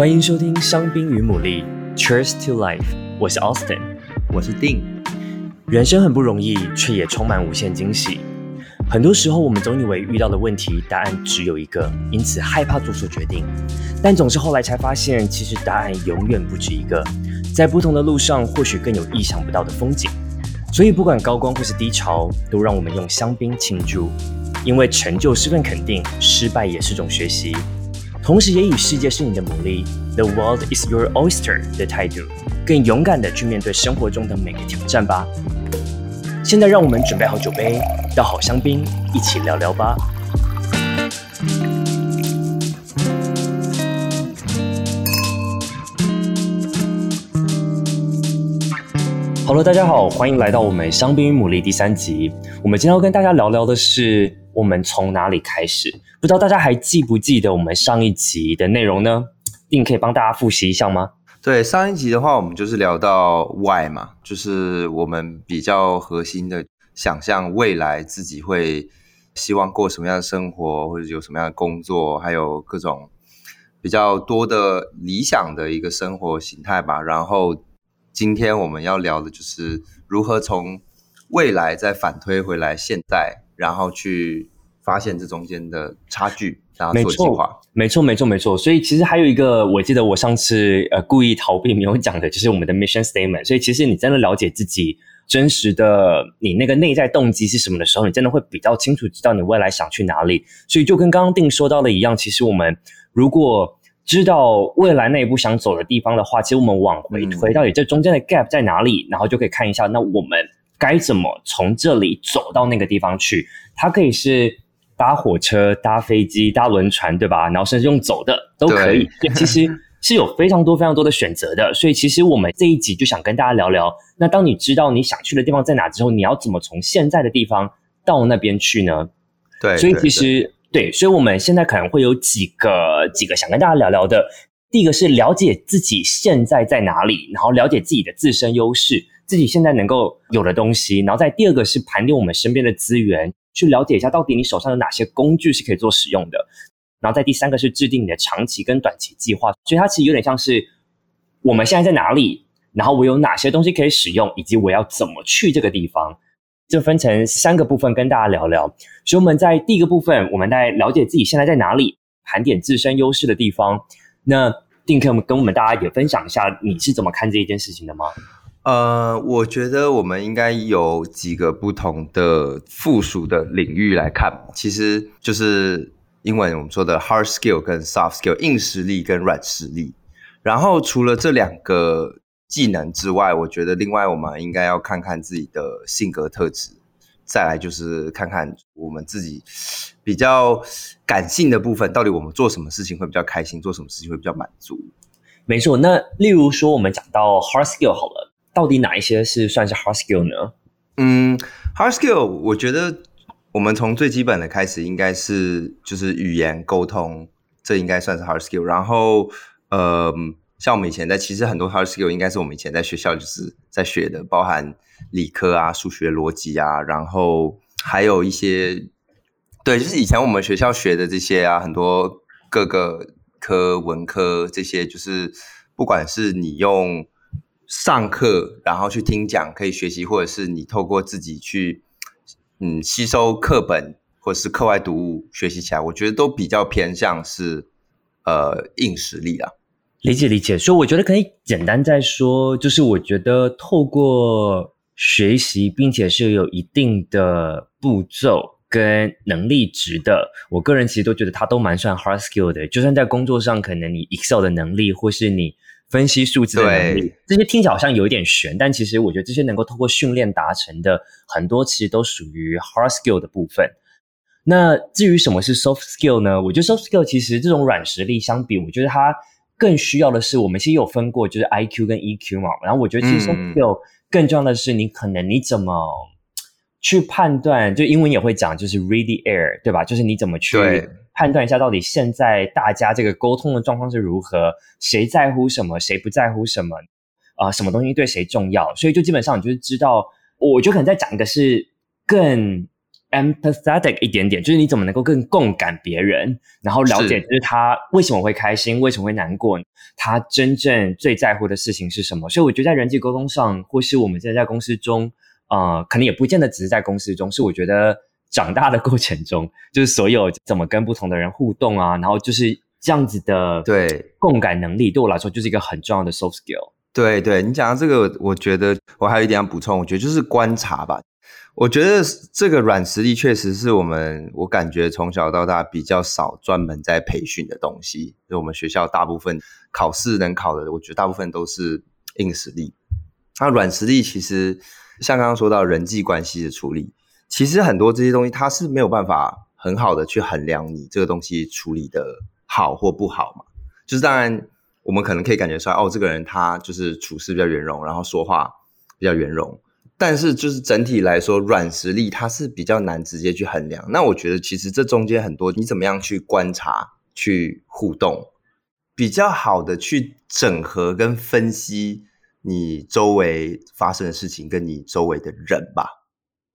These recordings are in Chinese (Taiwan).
歡迎收聽香檳與牡蠣，Cheers to life！我是 Austin，我是丁。人生很不容易，卻也充滿無限驚喜。很多時候，我們總以為遇到的問題答案只有一個，因此害怕做出決定。但總是後來才發現，其實答案永遠不止一個。在不同的路上，或許更有意想不到的風景。所以，不管高光或是低潮，都讓我們用香檳慶祝，因為成就是份肯定，失敗也是種學習。同時也以“世界是你的牡蠣 The world is your oyster” 的態度，更勇敢地去面對生活中的每個挑戰吧。現在，讓我們準備好酒杯，倒好香檳，一起聊聊吧。Hello，大家好，歡迎來到我們《香檳與牡蠣》第三集。我們今天要跟大家聊聊的是，我們從哪裡開始？不知道大家還記不記得我們上一集的內容呢？一定可以幫大家複習一下嗎？對，上一集的話，我們就是聊到 why 嘛，就是我們比較核心的想象未來自己會希望過什麼樣的生活，或者有什麼樣的工作，還有各種比較多的理想的一個生活形態吧。然後。今天我們要聊的就是如何從未來再反推回來現在，然後去發現這中間的差距。沒錯，沒錯，沒錯，沒錯。所以其實還有一個，我記得我上次呃故意逃避沒有講的，就是我們的 mission statement。所以其實你真的了解自己真實的你那個內在動機是什麼的時候，你真的會比較清楚知道你未來想去哪裡。所以就跟剛剛定說到的一樣，其實我們如果知道未來那一步想走的地方的話，其實我們往回推，嗯、回到底這中間的 gap 在哪裡，然後就可以看一下，那我們該怎麼從這裡走到那個地方去？它可以是搭火車、搭飛機、搭輪船，對吧？然後甚至用走的都可以。所以其實是有非常多非常多的選擇的。 所以，其實我們這一集就想跟大家聊聊，那當你知道你想去的地方在哪之後，你要怎麼從現在的地方到那邊去呢？對，所以其實對對對。對，所以我們現在可能會有幾個幾個想跟大家聊聊的。第一個是了解自己現在在哪裡，然後了解自己的自身優勢，自己現在能夠有的東西。然後再第二個是盤點我們身邊的資源，去了解一下到底你手上有哪些工具是可以做使用的。然後再第三個是制定你的長期跟短期計劃。所以它其實有點像是我們現在在哪裡，然後我有哪些東西可以使用，以及我要怎麼去這個地方。就分成三個部分跟大家聊聊。所以我們在第一個部分，我們在了解自己現在在哪裡，盤點自身優勢的地方。那定克，丁可以跟我們大家也分享一下你是怎麼看這一件事情的嗎？呃，我覺得我們應該有幾個不同的附屬的領域來看，其實就是英文我們說的 hard skill 跟 soft skill，硬實力跟軟實力。然後除了這兩個。技能之外，我覺得另外我們應該要看看自己的性格特質，再來就是看看我們自己比較感性的部分，到底我們做什麼事情會比較開心，做什麼事情會比較滿足。沒錯，那例如說我們講到 Hard Skill 好了，到底哪一些是算是 Hard Skill 呢？嗯，Hard Skill，我覺得我們從最基本的開始，應該是就是語言溝通，這應該算是 Hard Skill，然後，嗯。像我們以前在，其實很多 hard skill 應該是我們以前在學校就是在學的，包含理科啊、數學邏輯啊，然後還有一些，對，就是以前我們學校學的這些啊，很多各個科、文科這些，就是不管是你用上課然後去聽講可以學習，或者是你透過自己去嗯吸收課本或者是課外讀物學習起來，我覺得都比較偏向是呃硬實力啊。理解理解，所以我覺得可以簡單再說，就是我覺得透過學習，並且是有一定的步驟跟能力值的，我個人其實都覺得它都蠻算 hard skill 的。就算在工作上，可能你 Excel 的能力，或是你分析數字的能力，對。這些聽起來好像有一點玄，但其實我覺得這些能夠透過訓練達成的很多，其實都屬於 hard skill 的部分。那至於什麼是 soft skill 呢？我覺得 soft skill 其實這種軟實力相比，我覺得它更需要的是，我們其實有分過，就是 IQ 跟 EQ 嘛。然後我覺得其實還有更重要的是，你可能你怎麼去判斷？就英文也會講，就是 read the air，對吧？就是你怎麼去判斷一下，到底現在大家這個溝通的狀況是如何，誰在乎什麼，誰不在乎什麼，啊、呃，什麼東西對誰重要？所以就基本上，你就是知道。我覺得可能在講的是更。empathetic 一點點，就是你怎麼能夠更共感別人，然後了解，就是他為什麼會開心，為什麼會難過，他真正最在乎的事情是什麼。所以我覺得在人際溝通上，或是我們現在在公司中，呃，可能也不見得只是在公司中，是我覺得長大的過程中，就是所有怎麼跟不同的人互動啊，然後就是這樣子的共感能力，對，對我來說就是一個很重要的 soft skill。對，對，對你講到這個，我覺得我還有一點要補充，我覺得就是觀察吧。我覺得這個軟實力確實是我們，我感覺從小到大比較少專門在培訓的東西。就我們學校大部分考試能考的，我覺得大部分都是硬實力。那軟實力其實像剛剛說到人際關係的處理，其實很多這些東西它是沒有辦法很好的去衡量你這個東西處理的好或不好嘛。就是當然我們可能可以感覺出來，哦，這個人他就是處事比較圓融，然後說話比較圓融。但是就是整體來說，軟實力它是比較難直接去衡量。那我覺得其實這中間很多，你怎麼樣去觀察、去互動，比較好的去整合跟分析你周圍發生的事情跟你周圍的人吧。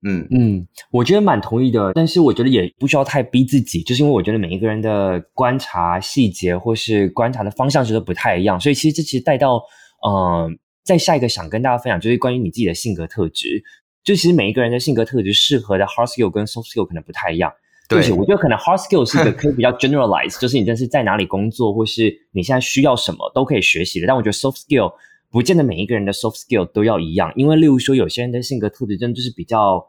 嗯嗯，我覺得蠻同意的。但是我覺得也不需要太逼自己，就是因為我覺得每一個人的觀察細節或是觀察的方向其實都不太一樣，所以其實這其實帶到嗯。呃再下一個想跟大家分享，就是關於你自己的性格特質，就其實每一個人的性格特質適合的 hard skill 跟 soft skill 可能不太一樣。對，對不起，我覺得可能 hard skill 是一個可以比較 generalize， 就是你真的是在哪裡工作或是你現在需要什麼都可以學習的。但我覺得 soft skill 不見得每一個人的 soft skill 都要一樣，因為例如說有些人的性格特質真的就是比較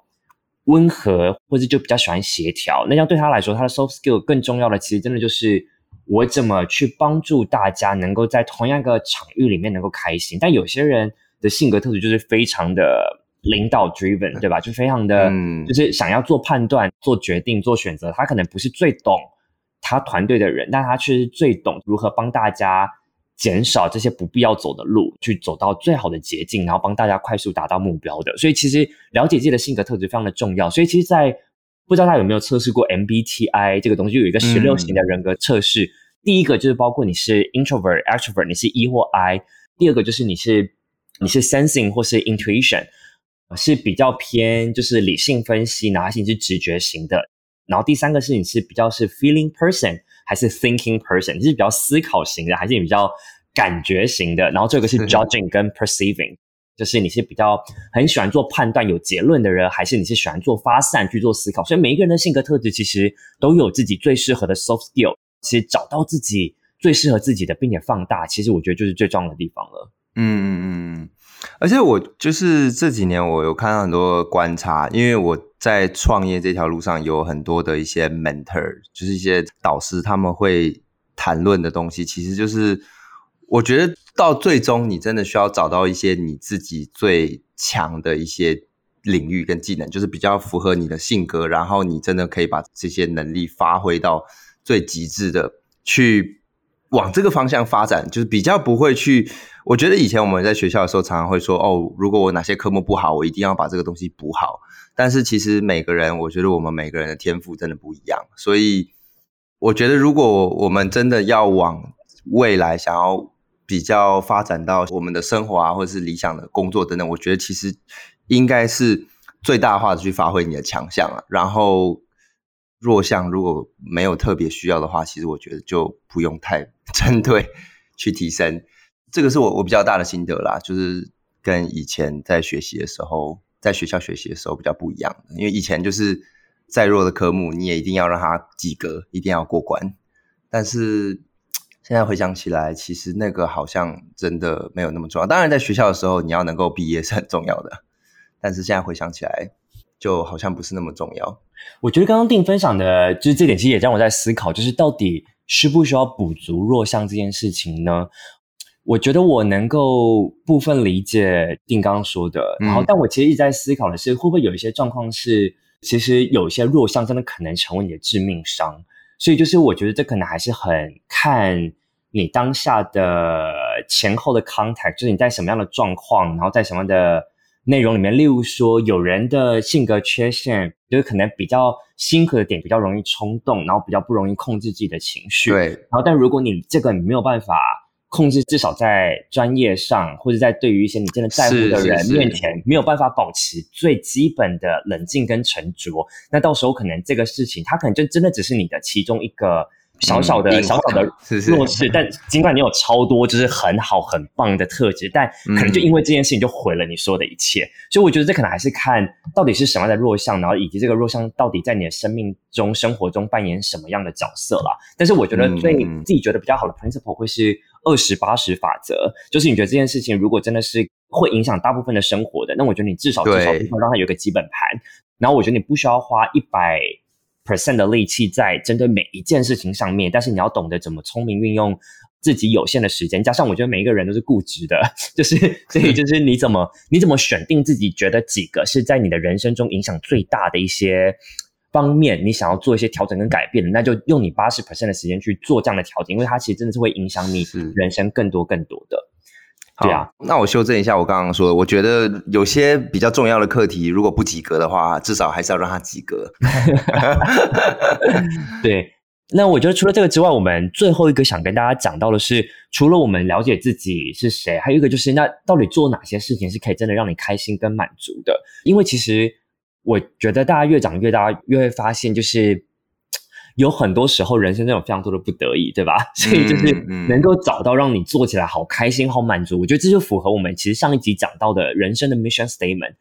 溫和，或者就比較喜歡協調，那像對他來說，他的 soft skill 更重要的其實真的就是。我怎麼去幫助大家能夠在同樣一個場域裡面能夠開心？但有些人的性格特質就是非常的領導 driven，對吧？就非常的，就是想要做判斷、做決定、做選擇。他可能不是最懂他團隊的人，但他卻是最懂如何幫大家減少這些不必要走的路，去走到最好的捷徑，然後幫大家快速達到目標的。所以其實了解自己的性格特質非常的重要。所以其實在不知道他有沒有測試過 MBTI 這個東西，有一個十六型的人格測試、嗯。第一個就是包括你是 introvert extrovert，你是 E 或 I；第二個就是你是你是 sensing 或是 intuition，是比較偏就是理性分析，還是你是直覺型的。然後第三個是你是比較是 feeling person 還是 thinking person，你是比較思考型的還是你比較感覺型的？然後這個是 judging 跟 perceiving。嗯就是你是比較很喜歡做判斷、有結論的人，還是你是喜歡做發散去做思考？所以每一個人的性格特質其實都有自己最適合的 soft skill。其實找到自己最適合自己的，並且放大，其實我覺得就是最重要的地方了。嗯嗯嗯，而且我就是這幾年我有看到很多觀察，因為我在創業這條路上有很多的一些 mentor，就是一些導師，他們會談論的東西，其實就是。我覺得到最終，你真的需要找到一些你自己最強的一些領域跟技能，就是比較符合你的性格，然後你真的可以把這些能力發揮到最極致的，去往這個方向發展，就是比較不會去。我覺得以前我們在學校的時候，常常會說：“哦，如果我哪些科目不好，我一定要把這個東西補好。”但是其實每個人，我覺得我們每個人的天賦真的不一樣，所以我覺得如果我們真的要往未來想要。比較發展到我們的生活啊，或者是理想的工作等等，我覺得其實應該是最大化的去發揮你的強項啊，然後弱項如果沒有特別需要的話，其實我覺得就不用太針對去提升。這個是我我比較大的心得啦，就是跟以前在學習的時候，在學校學習的時候比較不一樣，因為以前就是再弱的科目你也一定要讓它及格，一定要過關，但是。現在回想起來，其實那個好像真的沒有那麼重要。當然，在學校的時候，你要能夠畢業是很重要的。但是現在回想起來，就好像不是那麼重要。我覺得剛剛定分享的就是這點，其實也讓我在思考，就是到底需不需要補足弱項這件事情呢？我覺得我能夠部分理解定剛剛說的，嗯。然後但我其實一直在思考的是，會不會有一些狀況是，其實有一些弱項真的可能成為你的致命傷。所以就是我覺得這可能還是很看你當下的前後的 context 就是你在什麼樣的狀況，然後在什麼樣的內容裡面。例如說，有人的性格缺陷就是可能比較辛苦的點比較容易衝動，然後比較不容易控制自己的情緒。對。然後，但如果你這個你沒有辦法。控制，至少在專業上，或者在對於一些你真的在乎的人面前，是是是沒有辦法保持最基本的冷靜跟沉着。是是，那到時候可能這個事情，它可能就真的只是你的其中一個小小的、嗯小，小，的嗯、小小的弱勢。是是，但儘管你有超多就是很好、很棒的特質，是是，但可能就因為這件事情就毀了你說的一切。嗯、所以我覺得這可能還是看到底是什麼樣的弱項，然後以及這個弱項到底在你的生命中、生活中扮演什麼樣的角色了。但是我覺得對你自己覺得比較好的 principle、嗯、會是。二十八十法則，就是你覺得這件事情如果真的是會影響大部分的生活的，那我覺得你至少至少應該讓它有個基本盤。然後我覺得你不需要花一百 percent 的力氣在針對每一件事情上面，但是你要懂得怎麼聰明運用自己有限的時間。加上我覺得每一個人都是固執的，就是所以就是你怎麼你怎麼選定自己覺得幾個是在你的人生中影響最大的一些。方面，你想要做一些調整跟改變的，那就用你八十 percent 的時間去做這樣的調整，因為它其實真的是會影響你人生更多更多的。對啊，那我修正一下我剛剛說的，我覺得有些比較重要的課題，如果不及格的話，至少還是要讓它及格。 對，那我覺得除了這個之外，我們最後一個想跟大家講到的是，除了我們了解自己是誰，還有一個就是，那到底做哪些事情是可以真的讓你開心跟滿足的？因為其實。我覺得大家越長越大，越會發現，就是有很多時候人生都有非常多的不得已，對吧？所以就是能夠找到讓你做起來好開心、好滿足，我覺得這就符合我們其實上一集講到的人生的 mission statement。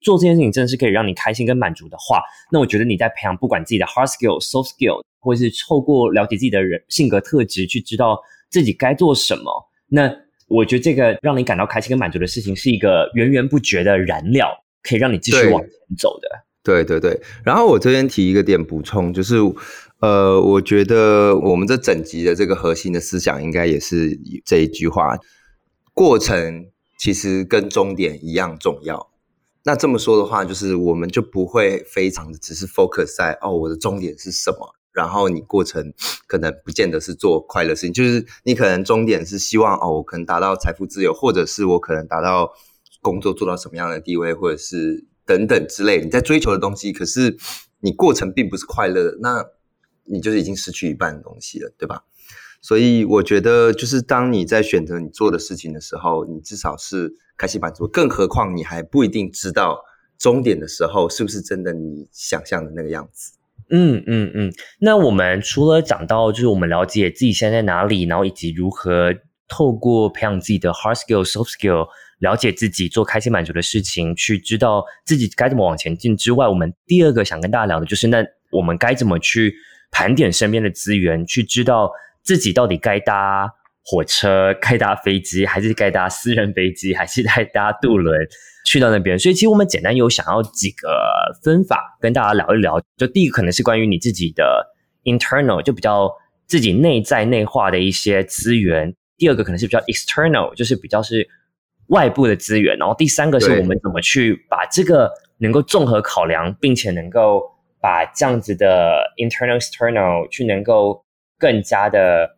做這件事情真的是可以讓你開心跟滿足的話，那我覺得你在培養不管自己的 hard skill、soft skill，或者是透過了解自己的人性格特質，去知道自己該做什麼。那我覺得這個讓你感到開心跟滿足的事情，是一個源源不絕的燃料。可以讓你繼續往前走的。對，對對對。然後我這邊提一個點補充，就是，呃，我覺得我們這整集的這個核心的思想，應該也是這一句話：過程其實跟終點一樣重要。那這麼說的話，就是我們就不會非常的只是 focus 在哦我的終點是什麼，然後你過程可能不見得是做快樂事情，就是你可能終點是希望哦我可能達到財富自由，或者是我可能達到。工作做到什麼樣的地位，或者是等等之類，你在追求的東西，可是你過程並不是快樂，那你就是已經失去一半的東西了，對吧？所以我覺得，就是當你在選擇你做的事情的時候，你至少是開心滿足，更何況你還不一定知道終點的時候是不是真的你想象的那個樣子？嗯，嗯嗯嗯。那我們除了講到就是我們了解自己現在在哪裡，然後以及如何透過培養自己的 hard skill、soft skill。了解自己做開心滿足的事情，去知道自己該怎麼往前進之外，我們第二個想跟大家聊的就是，那我們該怎麼去盤點身邊的資源，去知道自己到底該搭火車、該搭飛機，還是該搭私人飛機，還是該搭渡輪去到那邊？所以，其實我們簡單有想要幾個分法跟大家聊一聊。就第一個可能是關於你自己的 internal，就比較自己內在內化的一些資源；第二個可能是比較 external，就是比較是。外部的資源，然後第三個是我們怎麼去把這個能夠綜合考量，並且能夠把這樣子的 internal external 去能夠更加的，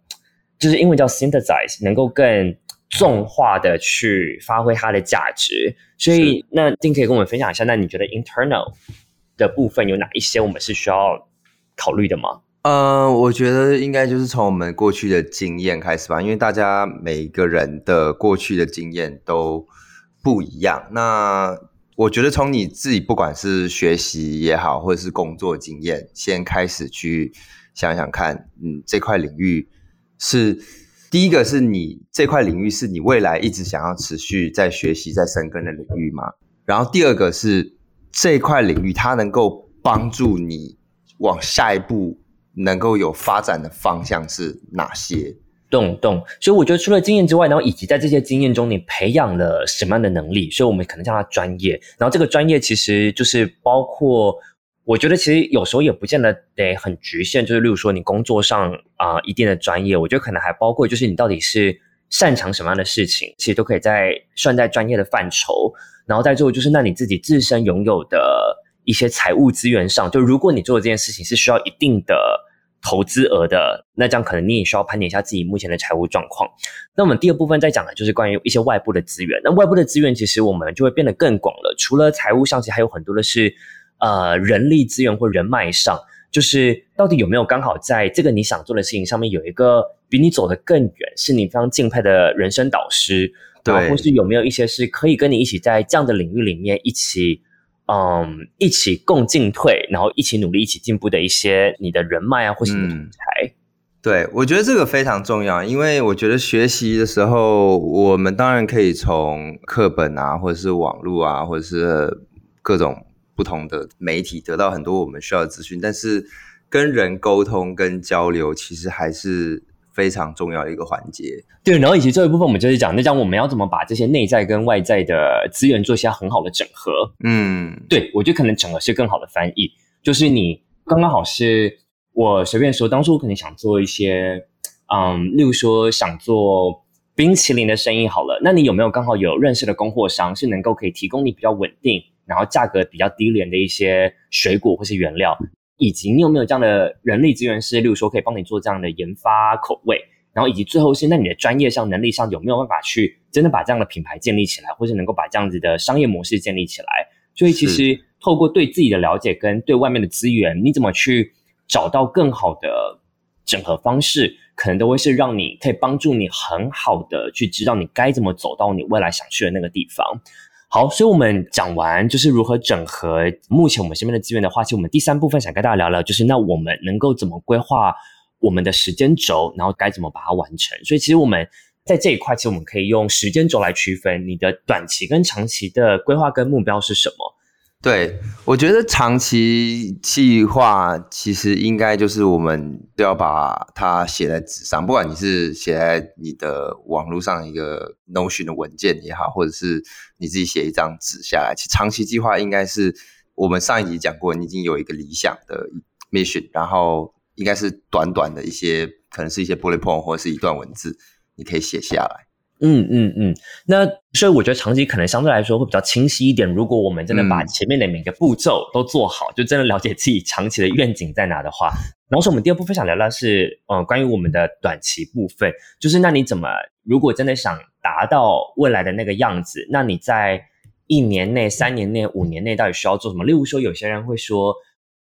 就是英文叫 synthesize，能夠更重化的去發揮它的價值。所以那丁可以跟我們分享一下，那你覺得 internal 的部分有哪一些我們是需要考慮的嗎？呃，我覺得應該就是從我們過去的經驗開始吧，因為大家每一個人的過去的經驗都不一樣。那我覺得從你自己，不管是學習也好，或者是工作經驗，先開始去想想看，嗯，這塊領域是第一個是你這塊領域是你未來一直想要持續在學習、在深耕的領域嗎？然後第二個是這塊領域它能夠幫助你往下一步。能夠有發展的方向是哪些？懂懂。所以我覺得除了經驗之外，然後以及在這些經驗中，你培養了什麼樣的能力？所以我們可能叫它專業。然後這個專業其實就是包括，我覺得其實有時候也不見得得很局限，就是例如說你工作上啊、呃、一定的專業，我覺得可能還包括就是你到底是擅長什麼樣的事情，其實都可以在算在專業的範疇。然後再最後就是那你自己自身擁有的，一些財務資源上，就如果你做的這件事情是需要一定的投資額的，那這樣可能你也需要盤點一下自己目前的財務狀況。那我們第二部分在講的就是關於一些外部的資源。那外部的資源其實我們就會變得更廣了，除了財務上，其實還有很多的是，呃，人力資源或人脈上，就是到底有沒有剛好在這個你想做的事情上面有一個比你走得更遠，是你非常敬佩的人生導師，對，或是有沒有一些是可以跟你一起在這樣的領域裡面一起。嗯、um，一起共進退，然後一起努力，一起進步的一些你的人脈啊，或是人才、嗯、對，我覺得這個非常重要，因為我覺得學習的時候，我們當然可以從課本啊，或者是網絡啊，或者是各種不同的媒體得到很多我們需要的資訊，但是跟人溝通跟交流，其實還是。非常重要的一個環節，對。然後，以及這一部分，我們就是講，那講我們要怎麼把這些內在跟外在的資源做一些很好的整合。嗯，對，我覺得可能“整合”是更好的翻譯。就是你剛剛好是我隨便說，當初我可能想做一些，嗯，例如說想做冰淇淋的生意好了。那你有沒有剛好有認識的供貨商，是能夠可以提供你比較穩定，然後價格比較低廉的一些水果或是原料？以及你有沒有這樣的人力資源師，例如說，可以幫你做這樣的研發口味，然後以及最後是，那你的專業上能力上有沒有辦法去真的把這樣的品牌建立起來，或是能夠把這樣子的商業模式建立起來？所以其實透過對自己的了解跟對外面的資源，你怎麼去找到更好的整合方式，可能都會是讓你可以幫助你很好的去知道你該怎麼走到你未來想去的那個地方。好，所以我們講完就是如何整合目前我們身邊的資源的話，其實我們第三部分想跟大家聊聊，就是那我們能夠怎麼規劃我們的時間軸，然後該怎麼把它完成。所以其實我們在這一塊，其實我們可以用時間軸來區分你的短期跟長期的規劃跟目標是什麼。對，我覺得長期計劃其實應該就是我們都要把它寫在紙上，不管你是寫在你的網絡上一個 Notion 的文件也好，或者是你自己寫一張紙下來。其實長期計劃應該是我們上一集講過，你已經有一個理想的 mission，然後應該是短短的一些，可能是一些 bullet point 或者是一段文字，你可以寫下來。嗯嗯嗯，那所以我覺得長期可能相對來說會比較清晰一點。如果我們真的把前面的每個步驟都做好，嗯、就真的了解自己長期的願景在哪的話，然後說我們第二部分想聊的是，嗯、呃，關於我們的短期部分，就是那你怎麼如果真的想達到未來的那個樣子，那你在一年內、三年內、五年內到底需要做什麼？例如說，有些人會說，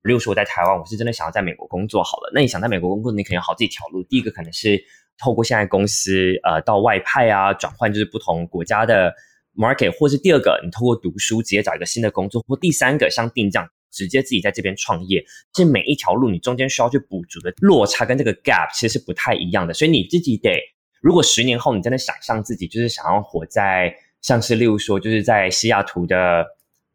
例如說我在台灣，我是真的想要在美國工作好了。那你想在美國工作，你肯定有好幾條路。第一個可能是。透過現在公司呃到外派啊，轉換就是不同國家的 market，或是第二個你透過讀書直接找一個新的工作，或第三個像定這樣直接自己在這邊創業。這每一條路你中間需要去補足的落差跟這個 gap 其實是不太一樣的，所以你自己得如果十年後你真的想象自己就是想要活在像是例如說就是在西雅圖的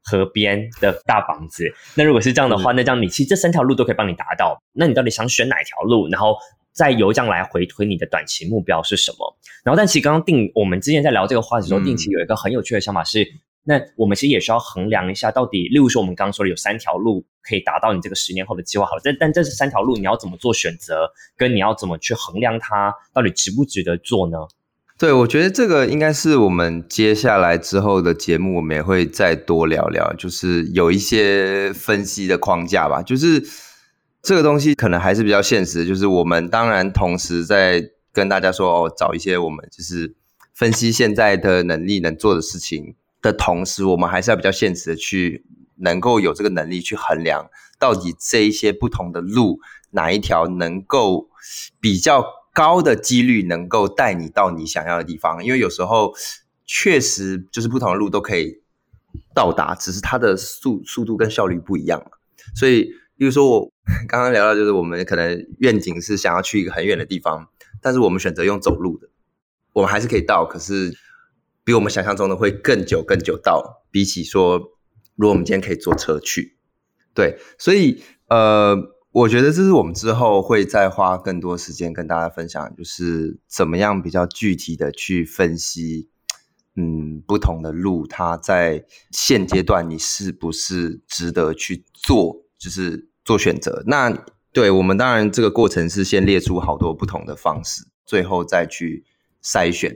河邊的大房子，那如果是這樣的話，嗯、那這樣你其實這三條路都可以幫你達到，那你到底想選哪條路？然後在由這樣來回推，你的短期目標是什麼？然後，但其實剛剛定，我們之前在聊這個話題的時候，定期有一個很有趣的想法是，嗯、那我們其實也需要衡量一下，到底，例如說我們剛剛說的有三條路可以達到你這個十年後的計劃，好了，但但這是三條路，你要怎麼做選擇，跟你要怎麼去衡量它到底值不值得做呢？對，我覺得這個應該是我們接下來之後的節目，我們也會再多聊聊，就是有一些分析的框架吧，就是。這個東西可能還是比較現實，就是我們當然同時在跟大家說，哦，找一些我們就是分析現在的能力能做的事情的同時，我們還是要比較現實的去能夠有這個能力去衡量到底這一些不同的路哪一條能夠比較高的幾率能夠帶你到你想要的地方，因為有時候確實就是不同的路都可以到達，只是它的速速度跟效率不一樣。所以，比如說我。剛剛聊到，就是我們可能願景是想要去一個很遠的地方，但是我們選擇用走路的，我們還是可以到，可是比我們想象中的會更久更久到。比起說，如果我們今天可以坐車去，對，所以呃，我覺得這是我們之後會再花更多時間跟大家分享，就是怎麼樣比較具體的去分析，嗯，不同的路，它在現階段你是不是值得去做，就是。做選擇，那對我們當然這個過程是先列出好多不同的方式，最後再去篩選，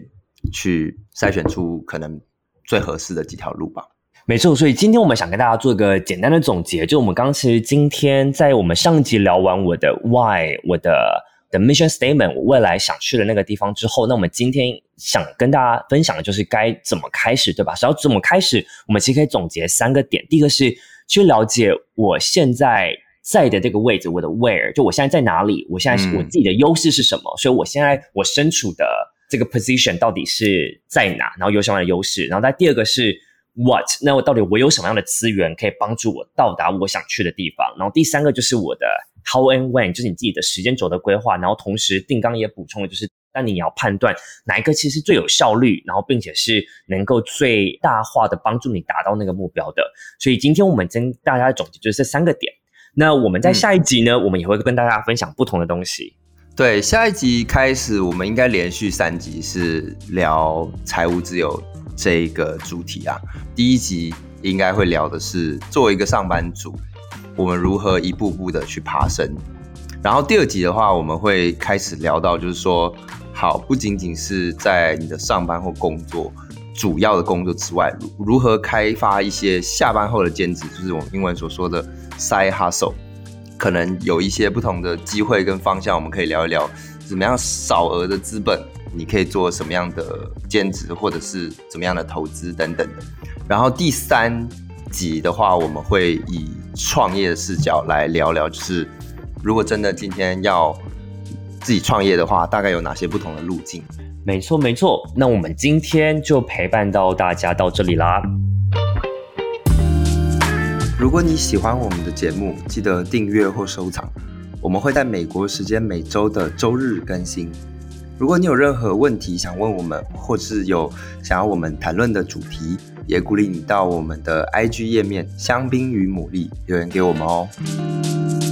去篩選出可能最合適的幾條路吧。沒錯，所以今天我們想跟大家做一個簡單的總結，就我們剛其實今天在我們上一集聊完我的 why，我的的 mission statement，我未來想去的那個地方之後，那我們今天想跟大家分享的就是該怎麼開始，對吧？只要怎麼開始，我們其實可以總結三個點，第一個是去了解我現在。在的這個位置，我的 where 就我現在在哪裡？我現在是我自己的優勢是什麼？嗯、所以我現在我身處的這個 position 到底是在哪？然後有什麼樣的優勢？然後在第二個是 what，那我到底我有什麼樣的資源可以幫助我到達我想去的地方？然後第三個就是我的 how and when，就是你自己的時間軸的規劃。然後同時定綱也補充了，就是但你要判斷哪一個其實最有效率，然後並且是能夠最大化的幫助你達到那個目標的。所以今天我們跟大家總結就是這三個點。那我們在下一集呢，嗯，我們也會跟大家分享不同的東西。對，下一集開始，我們應該連續三集是聊財務自由這一個主題啊。第一集應該會聊的是，做一個上班族，我們如何一步步的去爬升。然後第二集的話，我們會開始聊到，就是說，好，不僅僅是在你的上班或工作，主要的工作之外，如如何開發一些下班後的兼職，就是我們英文所說的。Side hustle，可能有一些不同的機會跟方向，我們可以聊一聊怎麼樣少額的資本，你可以做什麼樣的兼職，或者是怎麼樣的投資等等。然後第三集的話，我們會以創業的視角來聊聊，就是如果真的今天要自己創業的話，大概有哪些不同的路徑？沒錯，沒錯，那我們今天就陪伴到大家到這裡啦。如果你喜歡我們的節目，記得訂閱或收藏。我們會在美國時間每週的週日更新。如果你有任何問題想問我們，或是有想要我們談論的主題，也鼓勵你到我們的 IG 頁面“香檳與牡蠣”留言給我們哦。